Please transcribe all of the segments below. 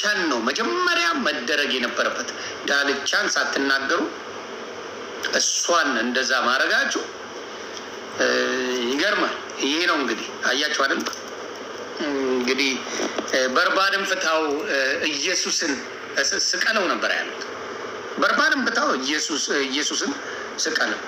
ዳልቻን ነው መጀመሪያ መደረግ የነበረበት። ዳልቻን ሳትናገሩ እሷን እንደዛ ማድረጋችሁ ይገርማል። ይሄ ነው እንግዲህ አያችሁ አይደል? እንግዲህ በርባንም ፍታው ኢየሱስን ስቀለው ነበር ያሉት። በርባንም ፍታው ኢየሱስን ስቀለው።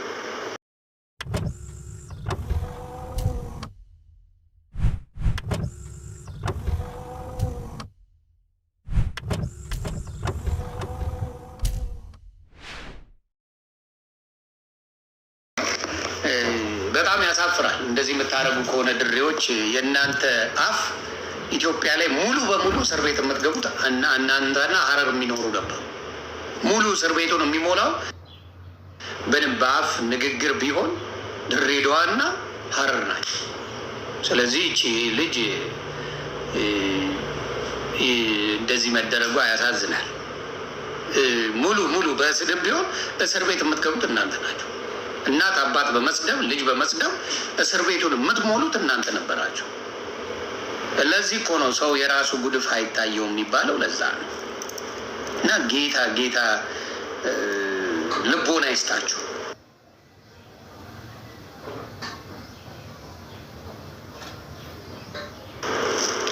ያሳፍራል። እንደዚህ የምታደርጉ ከሆነ ድሬዎች፣ የእናንተ አፍ ኢትዮጵያ ላይ ሙሉ በሙሉ እስር ቤት የምትገቡት እናንተና ሀረር የሚኖሩ ነበር። ሙሉ እስር ቤቱን የሚሞላው በንም በአፍ ንግግር ቢሆን ድሬዳዋና ሀረር ናቸው። ስለዚህ ይቺ ልጅ እንደዚህ መደረጓ ያሳዝናል። ሙሉ ሙሉ በስድብ ቢሆን እስር ቤት የምትገቡት እናንተ ናቸው። እናት አባት በመስደብ ልጅ በመስደብ እስር ቤቱን የምትሞሉት እናንተ ነበራቸው። ለዚህ እኮ ነው ሰው የራሱ ጉድፍ አይታየው የሚባለው። ለዛ ነው እና ጌታ ጌታ ልቦና ይስጣችሁ።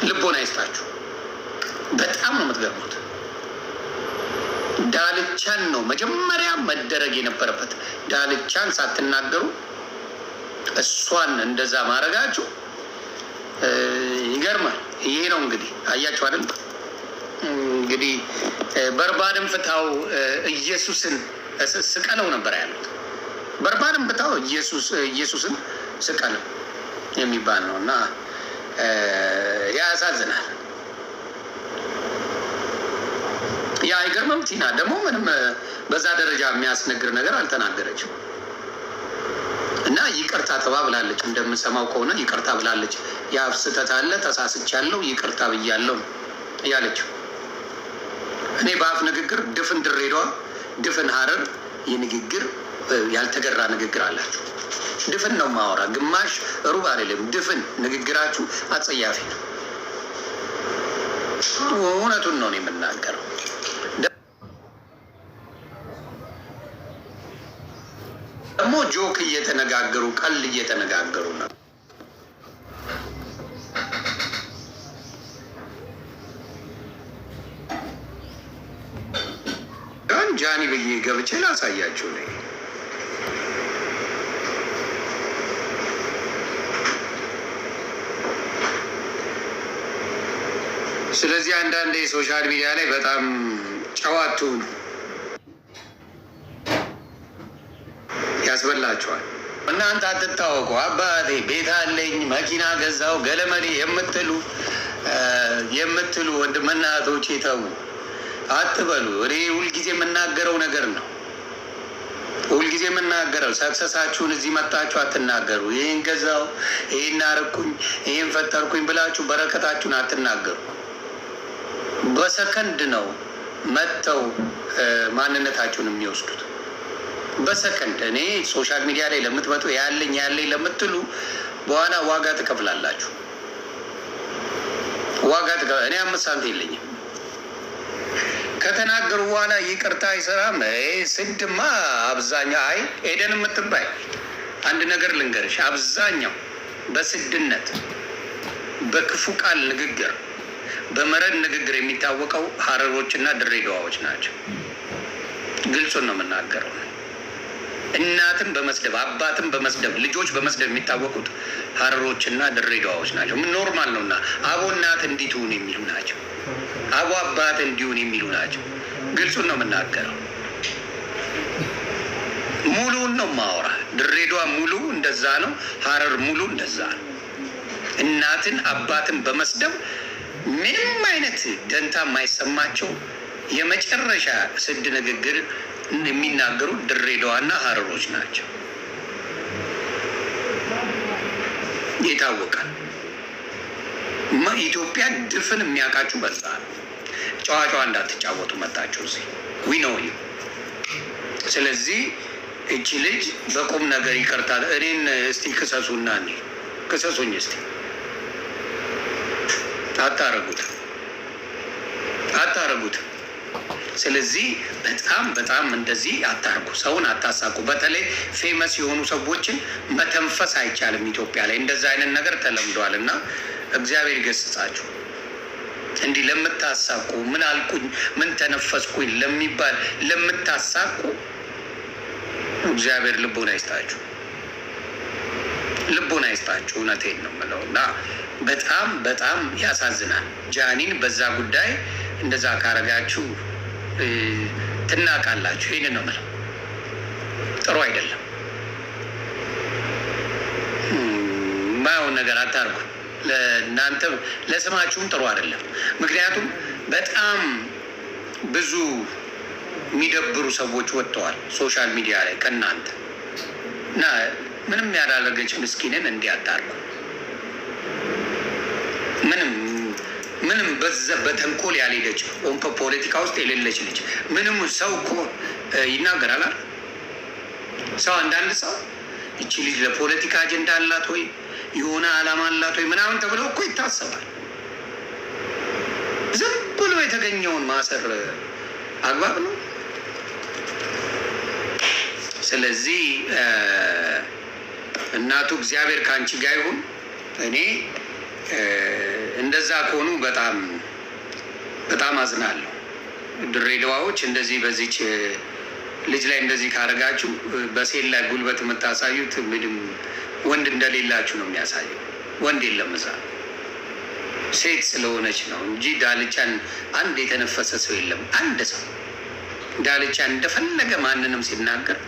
ልቦና ይስጣችሁ። ዳልቻን ነው መጀመሪያ መደረግ የነበረበት። ዳልቻን ሳትናገሩ እሷን እንደዛ ማድረጋችሁ ይገርማል። ይሄ ነው እንግዲህ አያችሁ አይደል? እንግዲህ በርባንም ፍታው ኢየሱስን ስቀለው ነበር ያሉት። በርባንም ፍታው ኢየሱስን ስቀለው የሚባል ነው እና ያሳዝናል። አይገርምም? ቲና ደግሞ ምንም በዛ ደረጃ የሚያስነግር ነገር አልተናገረችም። እና ይቅርታ ጥባ ብላለች። እንደምሰማው ከሆነ ይቅርታ ብላለች። የአፍ ስህተት አለ፣ ተሳስቻለሁ፣ ይቅርታ ብያለሁ ያለችው። እኔ በአፍ ንግግር ድፍን ድሬዳዋ፣ ድፍን ሀረር የንግግር ያልተገራ ንግግር አላችሁ። ድፍን ነው ማወራ፣ ግማሽ ሩብ አይደለም። ድፍን ንግግራችሁ አጸያፊ ነው። እውነቱን ነው የምናገረው። ጆክ እየተነጋገሩ ቀል እየተነጋገሩ ነው። ጃኒ ብዬ ገብቼ ላሳያችሁ ነ ስለዚህ አንዳንዴ የሶሻል ሚዲያ ላይ በጣም ጨዋቱ ያስበላቸዋል። እናንተ አትታወቁ። አባቴ ቤት አለኝ መኪና ገዛው ገለመሌ የምትሉ የምትሉ ወንድምና እህቶቼ ተዉ፣ አትበሉ። እኔ ሁልጊዜ የምናገረው ነገር ነው። ሁልጊዜ የምናገረው ሰክሰሳችሁን እዚህ መጣችሁ አትናገሩ። ይህን ገዛው፣ ይህን አርኩኝ ይህን ፈጠርኩኝ ብላችሁ በረከታችሁን አትናገሩ። በሰከንድ ነው መጥተው ማንነታችሁን የሚወስዱት። በሰከንድ እኔ ሶሻል ሚዲያ ላይ ለምትመጡ ያለኝ ያለኝ ለምትሉ በኋላ ዋጋ ትከፍላላችሁ። ዋጋ እኔ አምስት ሳንት የለኝም ከተናገሩ በኋላ ይቅርታ አይሰራም። ስድማ አብዛኛው አይ ኤደን የምትባይ አንድ ነገር ልንገርሽ፣ አብዛኛው በስድነት በክፉ ቃል ንግግር በመረድ ንግግር የሚታወቀው ሀረሮችና ድሬዳዋዎች ናቸው። ግልጹን ነው የምናገረው። እናትን በመስደብ አባትን በመስደብ ልጆች በመስደብ የሚታወቁት ሀረሮችና ድሬዳዋዎች ናቸው። ኖርማል ነው እና አቦ እናት እንዲትሁን የሚሉ ናቸው። አቦ አባት እንዲሁን የሚሉ ናቸው። ግልጹን ነው የምናገረው። ሙሉውን ነው ማወራ። ድሬዳዋ ሙሉ እንደዛ ነው። ሀረር ሙሉ እንደዛ ነው። እናትን አባትን በመስደብ ምንም አይነት ደንታ የማይሰማቸው የመጨረሻ ስድ ንግግር የሚናገሩት ድሬዳዋና ሀረሮች ናቸው። ይታወቃል። ኢትዮጵያ ድፍን የሚያውቃችሁ በዛ ጨዋ ጨዋ እንዳትጫወቱ መጣችሁ እዚህ ዊ ነው ዩ። ስለዚህ እቺ ልጅ በቁም ነገር ይቀርታል። እኔን እስቲ ክሰሱና እኔ ክሰሱኝ እስቲ አታረጉት አታረጉት ስለዚህ በጣም በጣም እንደዚህ አታርጉ፣ ሰውን አታሳቁ። በተለይ ፌመስ የሆኑ ሰዎችን መተንፈስ አይቻልም ኢትዮጵያ ላይ እንደዛ አይነት ነገር ተለምዷል እና እግዚአብሔር ይገስጻችሁ። እንዲህ ለምታሳቁ ምን አልኩኝ ምን ተነፈስኩኝ ለሚባል ለምታሳቁ እግዚአብሔር ልቡን አይስጣችሁ ልቡን አይስጣችሁ። እውነቴን ነው የምለው እና በጣም በጣም ያሳዝናል። ጃኒን በዛ ጉዳይ እንደዛ ካረጋችሁ ትናቃላችሁ። ይህንን ነው የምለው። ጥሩ አይደለም። ማየውን ነገር አታርጉ። ለእናንተ ለስማችሁም ጥሩ አይደለም። ምክንያቱም በጣም ብዙ የሚደብሩ ሰዎች ወጥተዋል ሶሻል ሚዲያ ላይ ከእናንተ እና ምንም ያላደረገች ምስኪንን እንዲያታርጉ ምንም ምንም በዛ በተንኮል ያልሄደች ፖለቲካ ውስጥ የሌለች ልጅ ምንም ሰው እኮ ይናገራል። ሰው አንዳንድ ሰው እቺ ልጅ ለፖለቲካ አጀንዳ አላት ወይ የሆነ አላማ አላት ወይ ምናምን ተብለው እኮ ይታሰባል። ዝም ብሎ የተገኘውን ማሰር አግባብ ነው። ስለዚህ እናቱ እግዚአብሔር ከአንቺ ጋር ይሁን እኔ እንደዛ ከሆኑ በጣም በጣም አዝናለሁ። ድሬዳዋዎች እንደዚህ በዚች ልጅ ላይ እንደዚህ ካደርጋችሁ በሴት ላይ ጉልበት የምታሳዩት ምንም ወንድ እንደሌላችሁ ነው የሚያሳየው። ወንድ የለም እዛ ሴት ስለሆነች ነው እንጂ ዳልቻን አንድ የተነፈሰ ሰው የለም። አንድ ሰው ዳልቻን እንደፈለገ ማንንም ሲናገር